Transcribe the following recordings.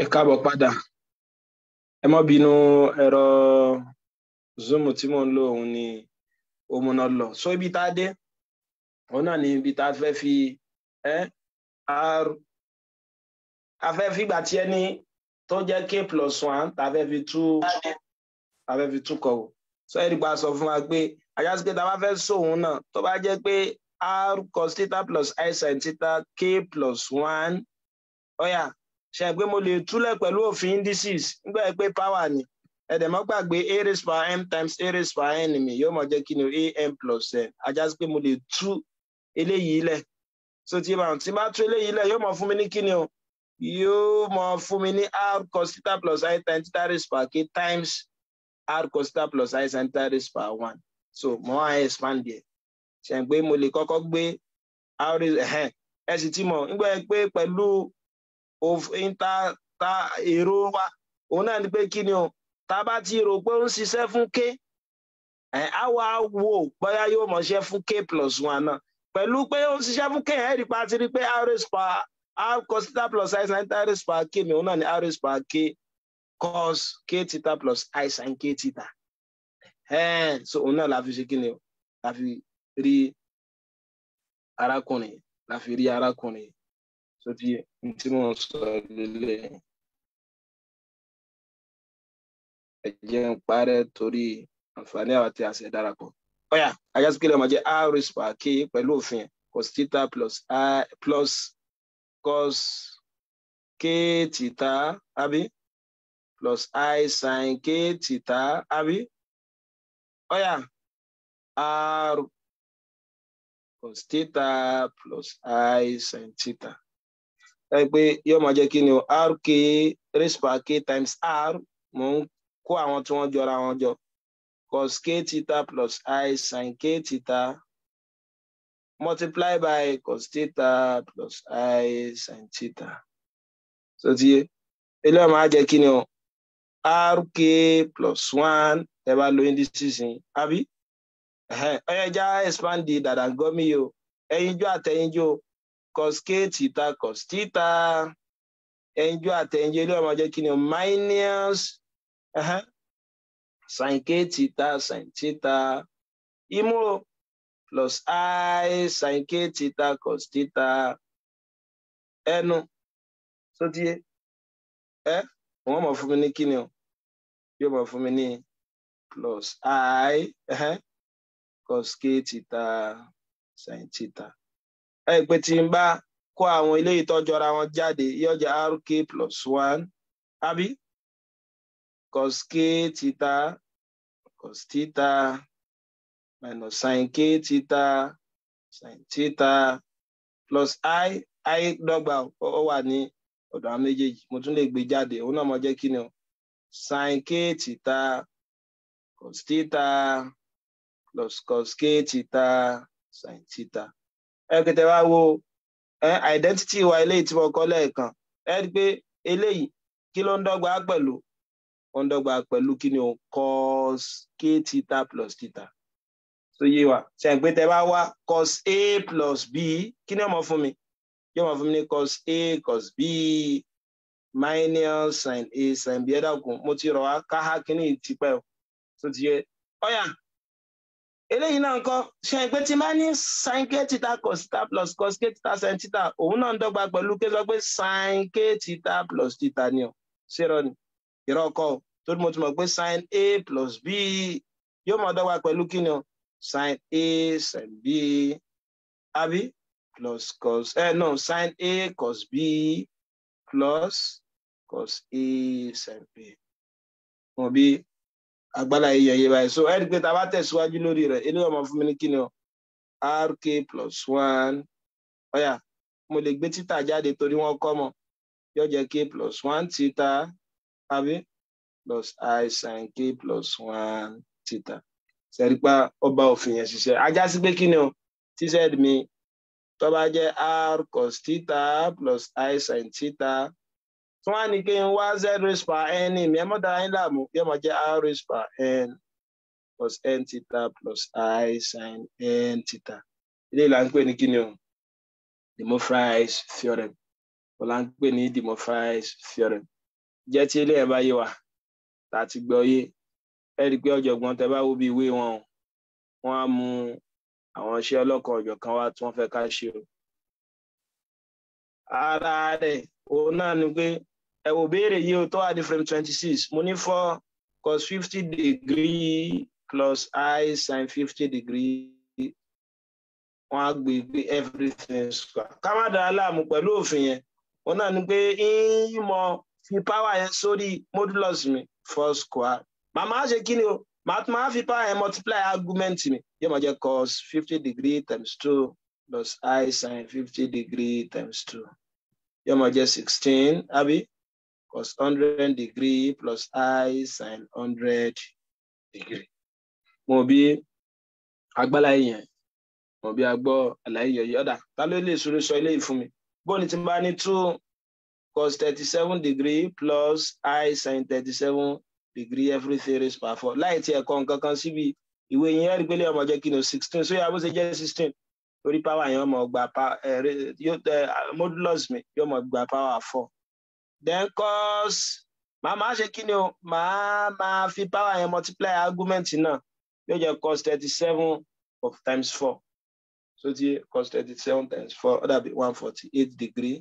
ẹ káàbọ̀ padà ẹ má bínú ẹ̀rọ zoom tí mò ń lò òun ni ó lọ so ibi tá a dé òun náà ni ibi tá a fẹ́ fi ẹ́ r a fẹ́ fìgbà tí ẹni tó jẹ́ k plus one tá a fẹ́ fi tú tá a fẹ́ fi tú kọ̀wọ̀ so ẹ̀rí pa sọ fún wa pé àyàsí pé tá a bá fẹ́ sóhun náà tó bá jẹ́ pé r cos theta plus i sin theta k plus one ó Oh yeah ṣe pé mo lè túlẹ̀ pẹ̀lú òfin indices nígbà pé power ni ẹ̀dẹ̀mọ́ gbàgbé a raised by m times a raised by n mi yóò mọ̀ jẹ́ kí ni a m plus n ajá sí pé mo lè tú eléyìí lẹ̀ so tí bá tí bá tú eléyìí lẹ̀ yóò mọ̀ fún mi ní kí ni o yóò mọ̀ fún mi ní r cos theta plus i times theta raised by k times r cos theta plus i times theta raised by one so mo wá expand there ṣe pé mo lè kọ́kọ́ gbé r ẹ sì ti mọ̀ nígbà pé pẹ̀lú òfin ta ta èrò wa òun náà ni pé kí ni o ta bá ti rò pé ó ń ṣiṣẹ́ fún k ẹ̀ á wá wò bóyá yóò mọ̀ ṣe fún k plus one náà pẹ̀lú pé ó ń ṣiṣẹ́ fún k ẹ̀ rí pa ti rí pé r square r plus i sin theta r square k mi òun náà ni r square k cos k theta plus i sin k theta so òun náà la fi ṣe kí ni o la fi rí arákùnrin la fi rí arákùnrin so ti yẹ tí mò ń sọ lélẹ̀ ẹ jẹ́ ń parẹ́ torí àǹfààní àwọn tí a ṣe darapọ̀ ọ̀yà ayásíkílẹ̀ ọmọ jẹ́ r rispa k pẹ̀lú òfin cos theta plus i plus cos k theta abi plus i sin k theta abi ọ̀yà r cos theta plus i sin theta ẹ pé yóò máa jẹ́ kí ni o r k raised by k times r mò ń kó àwọn tí wọ́n jọra wọn jọ cos k theta plus i sin k theta multiply by cos theta plus i sin theta so ti yé eléyìí máa jẹ́ kí ni o r k plus one ẹ bá lo indices yìí àbí ẹ̀yẹ́jà expand di dàdàgọ́mí o ẹ̀yinjú àtẹ̀yinjú o cos k theta cos theta ẹnjú àtẹnjú ilé ọmọ jẹ́ kí ni minus sin k theta sin plus i sanke k theta cos theta ẹnu tó ti ẹ wọ́n mọ̀ fún mi ní kí o yóò mọ̀ fún mi ní plus i cos k theta sin ẹ pé tí n bá kó àwọn ilé ìtọ́jọra wọn jáde yóò jẹ́ rk plus one abi cos k theta cos tita minus sin k theta sin theta plus i i dọ́gba ó wà ní ọ̀dọ̀ àwọn méjèèjì mo tún lè gbé e jáde òun náà mo jẹ́ kí ni o sin k theta cos tita plus cos k theta sin theta ẹ̀kẹ̀tẹ̀ wa wo identity wa eléyìí tí mo kọ́ lẹ́ẹ̀kan ẹ rí i pé eléyìí kí ló ń dọ́gba pẹ̀lú ó ń dọ́gba pẹ̀lú kí ni o cos k theta plus theta so yé wa sẹ́yìn pé tẹ bá wá cos a plus b kí ni ọmọ fún mi yóò máa fún mi ní cos a cos b minus sin a sin b ẹ dákun mo ti rọ̀ wá káhá kí ni ìtìpẹ́ o tó ti yẹ ọ̀yà eléyìí náà nǹkan ṣe pé tí máa ní sin k theta cos theta plus cos k theta sin theta òun náà ń dọ́gba pẹ̀lú kí n sọ pé sin k theta plus theta ni o ṣèrọ ni ìrọ̀ ọkọ o tó mo ti mọ̀ pé sin a plus b yóò máa dọ́gba pẹ̀lú kí ni o sin a sin b àbí plus cos ẹ eh, no sin a cos b plus cos a sin b. Mo bí agbára yìí yẹ̀yẹ̀ báyìí so ẹ̀ rí pé tá a bá tẹ̀síwájú lórí rẹ̀ eléyìí ọmọ fún mi ní kíni o rk plus one ọ̀yà mo lè gbé títà jáde torí wọ́n kọ́ mọ̀ yóò jẹ́ k plus one títà àbí plus i sin k plus one títà sẹ́rípá ọba òfin yẹn ṣiṣẹ́ ajá sí pé kíni o tz mi tó bá jẹ́ r cos títà plus i sin títà tí wọ́n á ní kí n wá z raised per n mi ẹ mọ́ dára yín láàmú yóò máa jẹ́ r raised per n plus n theta plus i sin n theta ilé ìlànà pé ní kíni o De Moivre's theorem wọ́n là ń pè ní De Moivre's theorem jẹ́ tí ilé ẹ̀ bá yé wa tá a ti gbọ́ yé ẹ rí i pé ọ̀jọ̀gbọ́n tẹ bá wo bí ìwé wọn o wọ́n á mú àwọn iṣẹ́ ọlọ́kan ọ̀jọ̀kan wá tí wọ́n fẹ́ ká ṣe o ara rẹ̀ òun náà ni pé ẹ wò béèrè yìí ó tó wà ní frame twenty six mo ní four cos fifty degree plus i sin fifty degree wọn á gbé gbé everything square ká má dára láàmú pẹ̀lú òfin yẹn wọn náà ni pé ń mọ fi power yẹn sórí modulus mi four square màmá ṣe kí ni o màá fi power yẹn multiply argument mi yóò máa jẹ cos fifty degree times two plus i sin fifty degree times two yóò máa jẹ sixteen Abi cos 100 degree plus i sin 100 degree. mo bí agbára yẹn mo bí agbọ́ àlàyé yọ̀yọ́ dà ta ló lè sọ̀rọ̀ sọ eléyìí fún mi bó ni ti bá ní two cos 37 degree plus i sin 37 degree every theory is per four láì tiẹ̀ kọ́ nǹkan kan síbi ìwé yẹn ẹ̀rí pé lè ọmọ jẹ́ kí ni sixteen sóyà bó ṣe jẹ́ sixteen orí power yẹn ọmọ gba eh, eh, modulus mi yóò mọ gba power four then cos màá máa ṣe kí ni o màá máa fi power yẹn multiply argument náà yóò jẹ cos thirty seven of times four so ti cos thirty seven times four ó be bí one forty eight degree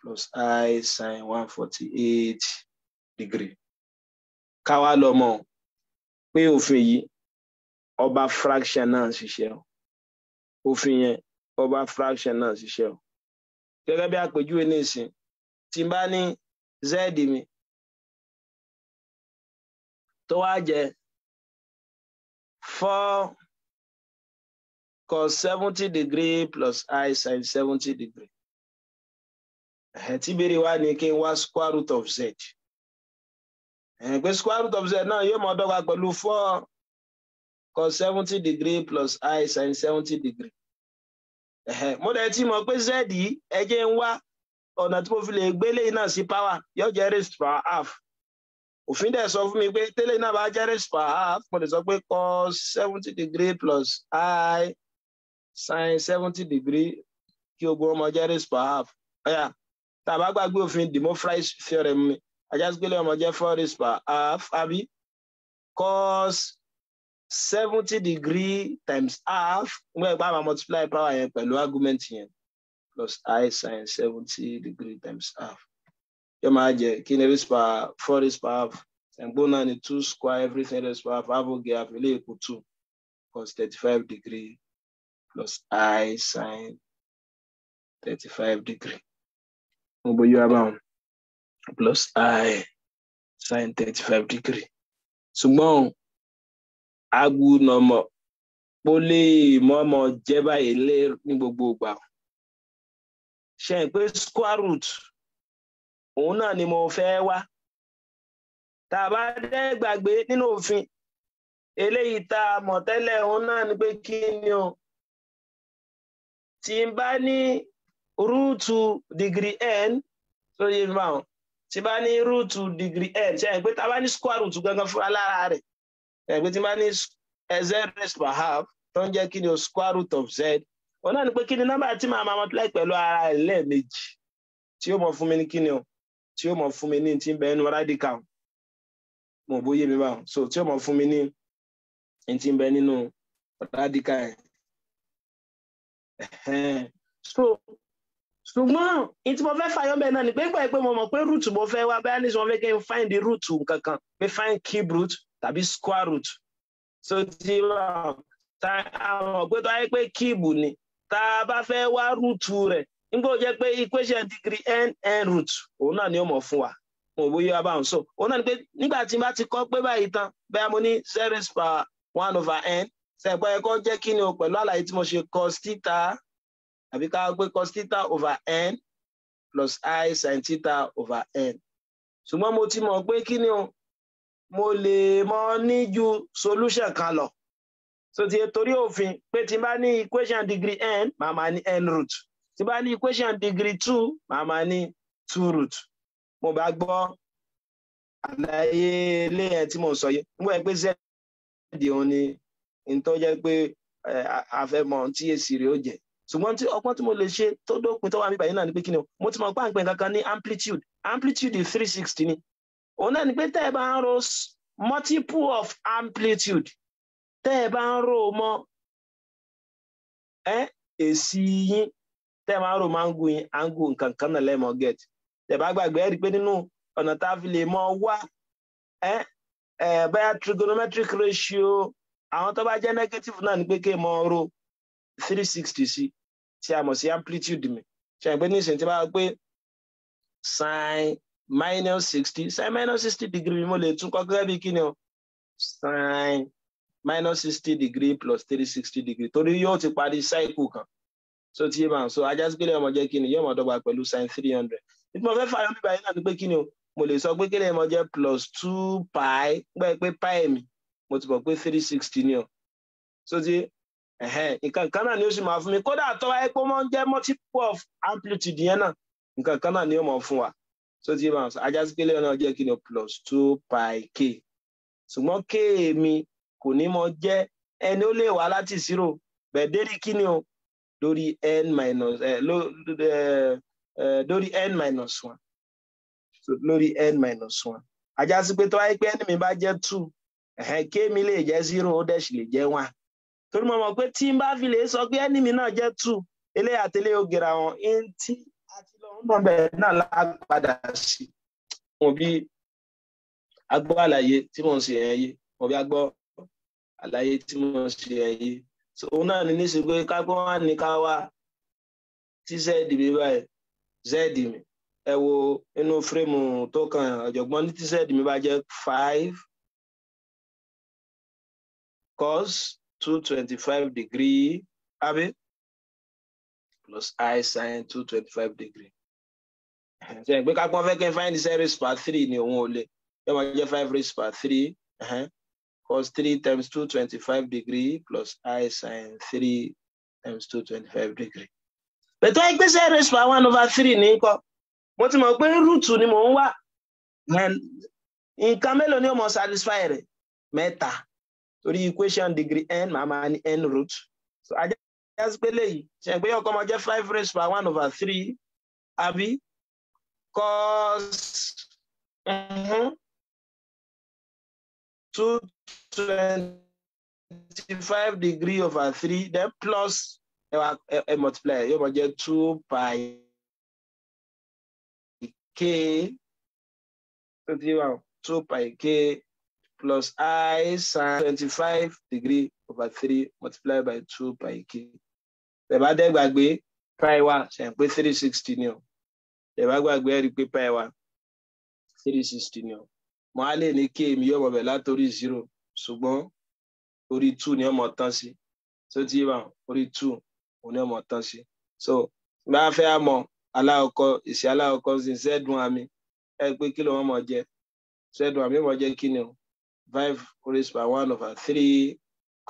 plus i sin one forty eight degree ká wá lọ mọ̀ pé òfin yìí ọba fraction náà ń ṣiṣẹ́ o òfin yẹn ọba fraction náà ń o gẹ́gẹ́ bí àpèjúwe ní ìsìn tí n bá ní z mi tó wá jẹ four cos seventy degree plus i sin seventy degree tí béèrè wá ní kí n wá square root of z pé square root of z náà yóò mọ dọ́gba pẹ̀lú four cos seventy degree plus i sin seventy degree mo dẹ̀ ti mọ̀ pé z yìí ẹ jẹ́ ń wá ọ̀nà tí mo fi lè gbé lẹ́yìn náà sí power yóò jẹ́ raised per half òfin dẹ̀ sọ fún mi pé tẹ́lẹ̀ náà bá jẹ́ raised per half mo lè sọ pé cos seventy degree plus i sin seventy degree kí ogun ọmọ jẹ́ raised per half ọ̀yà tá a bá gbàgbé òfin De Moivre's theorem mi ajásígbélé ọmọ jẹ́ four raised per half àbí cos seventy degree times half mo gbà pé a multiply power yẹn pẹ̀lú argument yẹn plus i sine seventy degree times half yóò máa jẹ kí four raised half ṣẹ̀ǹgbọ́n ni two square everything rispa half half ó gé half ilé equal two plus thirty-five degree plus i sine thirty-five degree mo bọ yóò plus i sine thirty-five degree ṣùgbọ́n agu nọmọ pólì mọ́mọ́ jeba báyìí ni bobo gbogbo ṣe ń pé square root òun náà ni mo fẹ́ wá tá a bá dẹ́ gbàgbé nínú òfin eléyìí tá a mọ̀ tẹ́lẹ̀ òun náà ni pé kí ni o tí n bá ní rúùtù degree n tó yẹ fún àwọn tí n bá ní rúùtù degree n ṣe ń pé tá a bá ní square root gangan fúnra lára rẹ̀ ṣe ń pé tí n bá ní z raised by half tó ń jẹ́ kí ni o square root of z wọn náà ni pé kí ni nọ́mbà tí màá máa multiply pẹ̀lú ara ẹ̀ lẹ́ẹ̀mejì tí yóò mọ fún mi ní kíni o tí yóò mọ fún mi ní ti ń bẹ nínú radical mo bó yé mi bá so tí yóò mọ fún mi ní ti ń bẹ nínú radical ẹ̀ so ṣùgbọ́n ní tí mo fẹ́ fàyọ́ bẹ́ẹ̀ náà ni pé gbàgbé mo mọ̀ pé root mo fẹ́ wá bẹ́ẹ̀ ní sọ fẹ́ kí n find the root nǹkan kan pé find cube root tàbí square root so ti wà àwọn ọ̀gbẹ́ tó ayé pé cube ni tá a bá fẹ́ wá rúùtù rẹ̀ nígbà ó jẹ́ pé equation degree n n root òun náà ni ó mọ̀ fún wa mo bóyá bá ń sọ òun náà ni pé nígbà tí bá ti kọ́ pé báyìí tán bẹ́ẹ̀ mo ní zero is per one over n ṣẹ̀gbọ́n ẹ̀kọ́ jẹ́ kí ni o pẹ̀lú àlàyé tí mo ṣe cos theta àbí ká gbé cos theta over n plus i sin theta over n ṣùgbọ́n mo ti mọ̀ pé kí ni o mo lè mọ̀ ní solution kan lọ so ti e torí òfin pé tí n bá ní equation degree n màá máa ní n root tí bá ní equation degree two màá máa ní two root mo bá gbọ́ àlàyé ilé yẹn tí mo sọ yìí nígbà pé z òun ni nítorí jẹ́ pé àfẹ́mọ̀ tí èsì rẹ̀ ó jẹ́ ṣùgbọ́n tí ọgbọ́n tí mo lè ṣe tó dópin tó wà mí báyìí náà ni pé kí ni o mo ti mọ̀ pé à ń ní amplitude amplitude three sixty ni òun náà ni pé tẹ́ ẹ bá ń ro multiple of amplitude teeb anurụmụ e ịsị ihe teeb anurụmụ angụ angụ nkankanale mụ gị atị teb agbagbe eri kpe na ọnọdụ afili ma ọ wụa e e ebea trigonometry ratio ahụ tọbaje negatif na ngbekere ma ọ rụ 360 si amụsị amplitude mịrị chọọ egbe na isi ntị agba kpe minus -60 saịn -60 digrii mụ na-etu minus sixty degree plus three sixty degree torí yóò ti parí cycle kan so tí ma so ajasikele ọmọ jẹ́ kíni yóò mọ dọ́gba pẹ̀lú sin three hundred nítorí mo fẹ́ fà yọmí báyìí náà ni pé kíni o mo lè sọ pé kíni ọmọ jẹ́ plus two pi gbẹ pé pi mi mo ti mọ̀ pé three sixty ni o so tí nǹkan kan náà ni ó sì máa fún mi kódà àtọwá ẹ pé ó máa ń jẹ́ multiple of amplitude yẹn náà nǹkan kan náà ni ó máa fún wa so tí ma so ajasikele náà jẹ́ kíni o plus two pi k ṣùgbọ́n k mi kò ní mọ jẹ́ ẹni ó lè wá láti zero bẹ̀ẹ́dẹ́rì kí ni o lórí n minus lórí n minus one lórí n minus one ajá sí pé tó wáyé pé ẹni mi bá jẹ́ two ẹ̀hẹ́n kémi lè jẹ́ zero ó dẹ̀ sì lè jẹ́ one torí mo mọ̀ pé tí n bá fi lè sọ pé ẹni mi náà jẹ́ two eléyà àtẹlẹ́ ògèrà wọn ẹni tí àti lọ́wọ́ náà bẹ̀rẹ̀ náà lápadà sí wọn bí agbọ́ àlàyé tí mò ń ṣe ẹ̀yẹ wọn bí agbọ́ àlàyé tí mo ṣe ẹ̀yìn so òun náà ní níṣe pé kápẹ́ wọn ní ká wá tí zẹ́ẹ̀dì mi báyìí zẹ́ẹ̀dì mi ẹ wo inú fírémù tó kàn ọ̀jọ̀gbọ́n ní tí zẹ́ẹ̀dì mi bá jẹ́ five cos two twenty five degree abi plus i sin two twenty five degree ṣe pé kápẹ́ wọn fẹ́ kí n find the raised by three ni òun ò lè yóò máa jẹ́ five raised pa three. Uh cos 3 times 225 degree plus i sine 3 times 225 degree. Bẹ̀tọ́ ìgbésẹ̀ raise by one over three ní kọ́. Mo ti mọ̀ pé rúùtù ni mò ń wà. Nǹkan mélòó ni ó mọ̀ satisfy rẹ̀? Mẹ́ta. Torí equation degree n màá máa ní n root. So ajá sí pé léyìí. Ṣé pé ọkọ máa jẹ́ five raise by one over three àbí cos two 25 degree over 3, then plus a wá ẹ multiply yóò máa jẹ́ two pi k 2 pi k plus i sine 25 degree over 3 multiplied by 2 pi k. The dẹ́ gbàgbé pi wa ṣe pé three sixty The o. Bẹ̀bá gbàgbé ẹ̀rí pi wa three sixty ni o. Mo á lè ní k mi yọ̀ bọ̀bẹ̀ látòrí zero ṣùgbọ́n orí two ni ọmọ tán sí tó ti wa orí two òun ni ọmọ tán sí so bá a fẹ́ mọ aláwọ̀kọ èsì aláwọ̀kọ sí zedun àmì ẹ pé kí ló wọ́n mọ̀ jẹ zedun àmì mọ̀ jẹ́ kí ni o five raised by one over three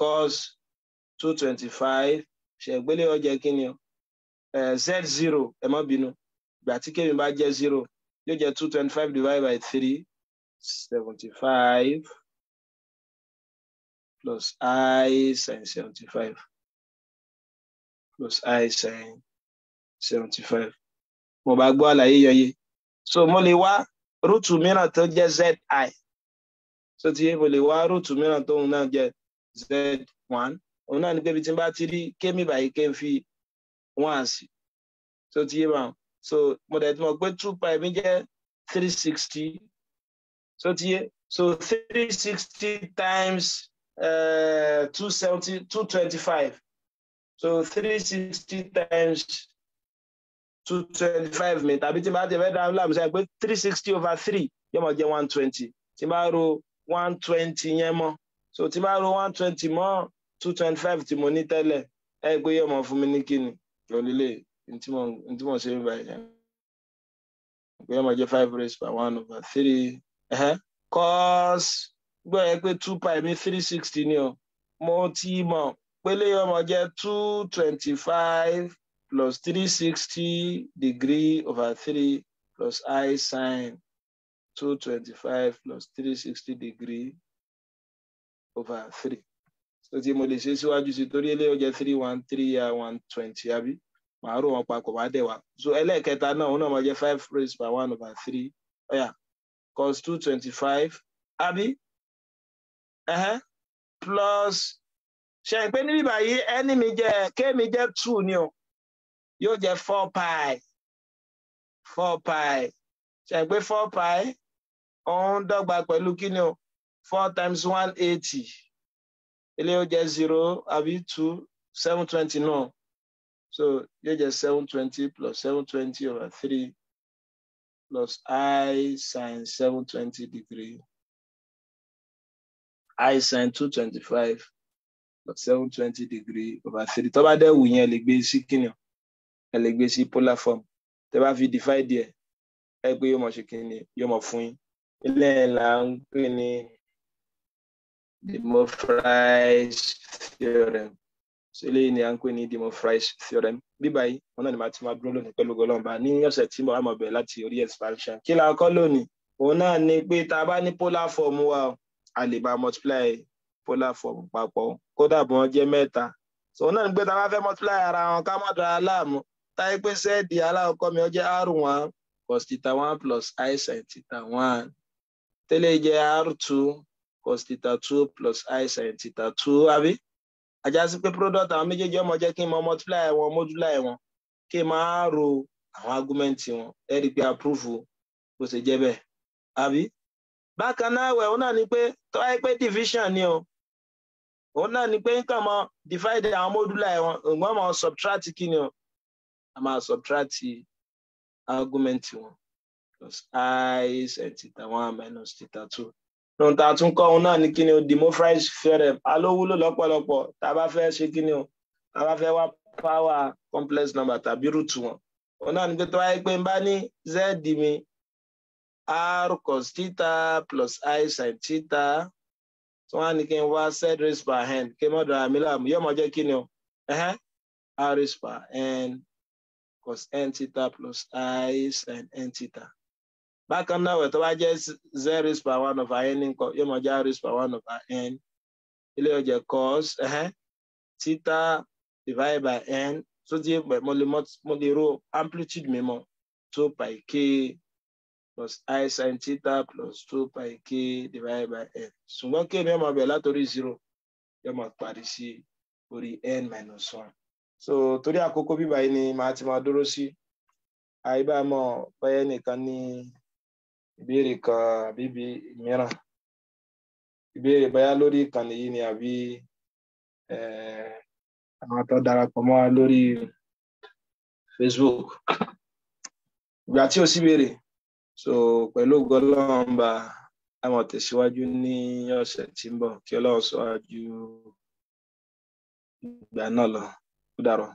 cos two twenty five ṣẹ̀gbélé ọjẹ́ kí ni o eh, z zero ẹ má bínú ìgbà tí kébì bá jẹ́ zero yóò jẹ́ two twenty five divided by three seventy five plus i sine 75 plus i sine 75 mo bá gbọ́ àlàyé yọye so mo lè wá rúùtù mìíràn tó jẹ́ zi so ti mo lè wá rúùtù mìíràn tóun náà jẹ́ z1 òun náà ní pé ibi tí n bá ti rí kémi báyìí ké n fi one sí so ti yé báwọn so mo dẹ̀ ti mọ̀ pé two pi mi jẹ́ three sixty so ti yé so three sixty times uh, 270, 225. So 360 times 225 mi tàbí tí n bá ti fẹ́ dáhùn láàmú sẹ́yìn 360 over three. yóò máa jẹ́ 120. Tí n bá ro 120 yẹn mọ́. So tí n bá ro 120 mọ́ 225 tí mo ní tẹ́lẹ̀ ẹ pé yóò máa fún mi ní kíni lọ́lílẹ̀ ntí mo ṣe é báyìí. Pé yóò máa jẹ́ 5 raised by one over 3. Uh -huh. Cos gbọ́ ẹ pé two pi mi three sixty ni o mo ti mọ̀ pélé ọmọ jẹ́ two twenty five plus three sixty degree over three plus i sine two twenty five plus three sixty degree over three so tí mo lè ṣe síwájú sí torí eléyìí ó jẹ́ three one three ya one twenty abi. màá rò wọn papọ̀ wá dẹ̀ wá so ẹlẹ́ẹ̀kẹta náà òun náà máa jẹ́ five raised by one over three Oya, yá cos two twenty five abi plus ṣe pé níbí báyìí ẹni mi jẹ kémi jẹ two ni o yóò jẹ four pi four pi ṣe pé four pi òun dọ́gba pẹ̀lú kí ni o four times one eighty ilé yóò jẹ zero àbí two seven twenty náà so yóò jẹ seven twenty plus seven twenty over three plus i sin seven twenty degree i sin 225, but 720 degree over three tó bá dẹ̀ wù yẹn ẹ lè gbé sí kíni ẹ lè gbé sí polar form tẹ bá fi divide ẹ ẹ pé yóò mọ ṣe kíni yóò mọ fún yín ilé ẹ̀ ń pè ní De theorem so eléyìí ni à ń pè ní De theorem bí báyìí wọn náà ni màá ti máa dúró lónìí pẹ̀lú gọlọ́ọ̀bà ní ọ̀sẹ̀ tí mo wà mọ̀ bẹ̀rẹ̀ láti orí expansion kí la kọ́ lónìí òun náà ni pé tá a bá ní polar form wa o. Wow a lè bá multiply polar form papọ̀ kódà bí wọ́n jẹ́ mẹ́ta so náà nígbà tá a bá fẹ́ multiply ara wọn ká má dara láàmú táyé pé sẹ́ẹ̀dì aláwọ̀kọ́ mi ó jẹ́ r one cos theta one plus i sin theta one tẹ́lẹ̀ jẹ́ r two cos theta two plus i sin theta two àbí àjásí pé product àwọn méjèèjì ọmọ jẹ́ kí n mọ multiply wọn moduli wọn kí n máa ro àwọn argument wọn ẹ pé approve bó ṣe jẹ́ bẹ́ẹ̀ àbí bákan náà wẹ̀ òun náà ni pé tó wáyé pé division ni o òun náà ni pé nǹkan mọ divide àwọn módúlà ẹ̀wọ̀n ògbọ́n mọ subtract kí ni o a máa subtract argument wọn plus i send theta one minus theta two lóun tá a tún kọ́ òun náà ni kí ni o De Moivre's theorem alówúlò lọ́pọ̀lọpọ̀ tá a bá fẹ́ ṣe kí ni o tá a bá fẹ́ wá power complex number tàbí root wọn òun náà ni pé tó wáyé pé n bá ní z mi r cos theta plus i sin theta tí wọ́n á ní kí n wá z raised by n kí n mọ̀ dọ̀rọ̀ àmì láàmú yóò mọ̀ jẹ́ kí ni o r raised by n cos n theta plus i sin n theta. Bákan náà wẹ̀ tó bá jẹ́ z raised by one over n nǹkan yóò mọ̀ jẹ́ r raised by one over n ilé ọjà cos theta divided by n tó di mo lè ro amplitude mi mọ̀ two pi k plus i sin theta plus two pi k divided by n ṣùgbọ́n k ní ọmọ bẹ̀rẹ̀ látòrí zero yóò máa parí sí orí n minus one so torí àkókò bíbá yìí ni màá ti máa dúró sí àìbámọ̀ bẹ́ẹ̀ nìkan ní ìbéèrè kan bíbí mìíràn ìbéèrè báyá lórí ìkànnì yìí ni àbí eh, àwọn tó darapọ̀ mọ́ lórí Facebook ìgbà tí o sì béèrè. so pelu ògo ọlọ́run bá a máa tẹ̀síwájú ní ọ̀sẹ̀ tí ń kí lọ ó